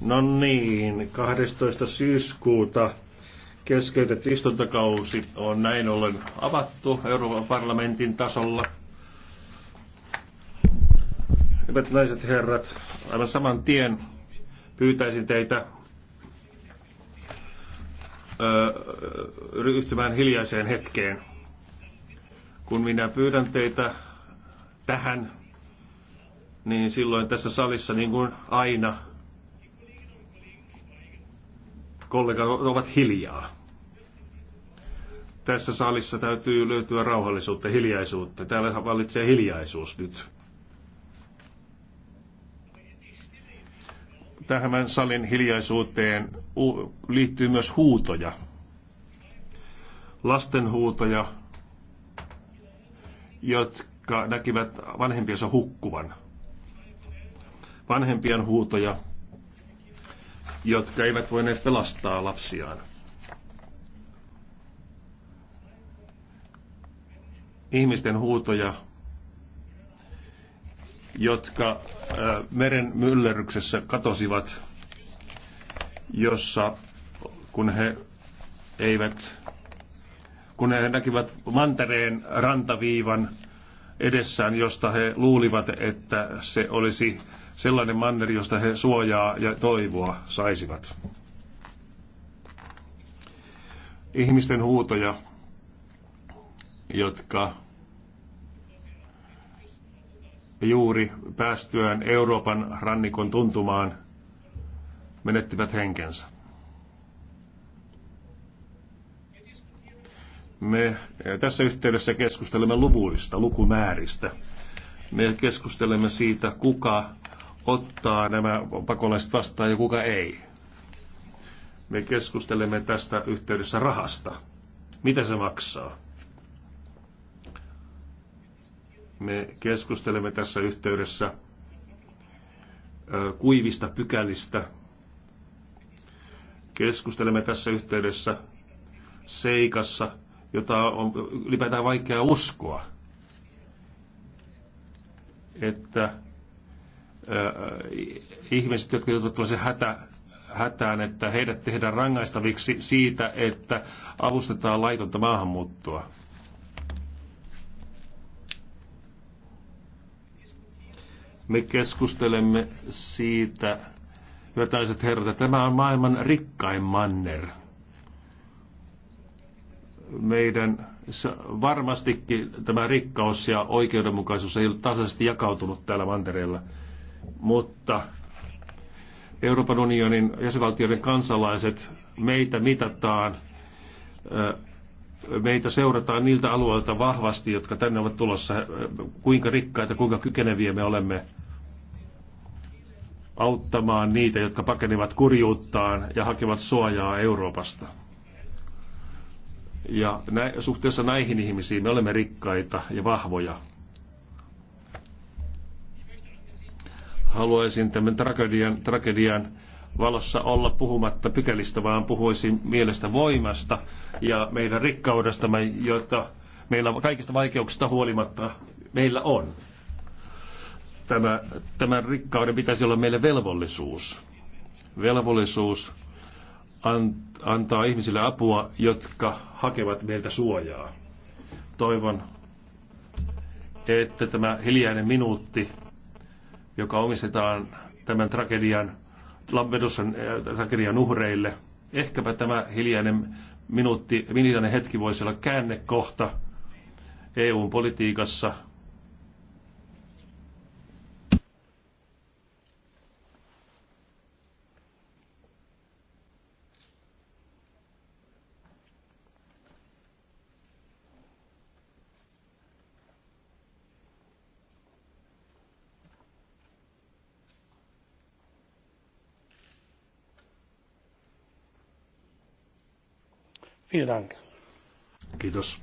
No niin, 12. syyskuuta keskeytetty istuntokausi on näin ollen avattu Euroopan parlamentin tasolla. Hyvät naiset herrat, aivan saman tien pyytäisin teitä ryhtymään hiljaiseen hetkeen. Kun minä pyydän teitä tähän niin silloin tässä salissa, niin kuin aina, kollegat ovat hiljaa. Tässä salissa täytyy löytyä rauhallisuutta, hiljaisuutta. Täällä vallitsee hiljaisuus nyt. Tähän salin hiljaisuuteen liittyy myös huutoja. Lasten huutoja, jotka näkivät vanhempiensa hukkuvan vanhempien huutoja, jotka eivät voineet pelastaa lapsiaan. Ihmisten huutoja, jotka äh, meren myllerryksessä katosivat, jossa kun he eivät, kun he näkivät mantereen rantaviivan edessään, josta he luulivat, että se olisi sellainen manner, josta he suojaa ja toivoa saisivat. Ihmisten huutoja, jotka juuri päästyään Euroopan rannikon tuntumaan menettivät henkensä. Me tässä yhteydessä keskustelemme luvuista, lukumääristä. Me keskustelemme siitä, kuka ottaa nämä pakolaiset vastaan ja kuka ei. Me keskustelemme tästä yhteydessä rahasta. Mitä se maksaa? Me keskustelemme tässä yhteydessä kuivista pykälistä. Keskustelemme tässä yhteydessä seikassa, jota on ylipäätään vaikea uskoa, että ihmiset, jotka joutuvat tällaisen hätä, hätään, että heidät tehdään rangaistaviksi siitä, että avustetaan laitonta maahanmuuttoa. Me keskustelemme siitä, hyötäiset herrat, että tämä on maailman rikkain manner. Meidän varmastikin tämä rikkaus ja oikeudenmukaisuus ei ole tasaisesti jakautunut täällä mantereella mutta Euroopan unionin jäsenvaltioiden kansalaiset, meitä mitataan, meitä seurataan niiltä alueilta vahvasti, jotka tänne ovat tulossa, kuinka rikkaita, kuinka kykeneviä me olemme auttamaan niitä, jotka pakenevat kurjuuttaan ja hakevat suojaa Euroopasta. Ja suhteessa näihin ihmisiin me olemme rikkaita ja vahvoja. haluaisin tämän tragedian, tragedian valossa olla puhumatta pykälistä, vaan puhuisin mielestä voimasta ja meidän rikkaudestamme, jota meillä kaikista vaikeuksista huolimatta meillä on. Tämä, tämän rikkauden pitäisi olla meille velvollisuus. Velvollisuus antaa ihmisille apua, jotka hakevat meiltä suojaa. Toivon, että tämä hiljainen minuutti joka omistetaan tämän tragedian, Lampedusan äh, tragedian uhreille. Ehkäpä tämä hiljainen minuutti, hiljainen hetki voisi olla käännekohta EUn politiikassa – Vielen Kiitos.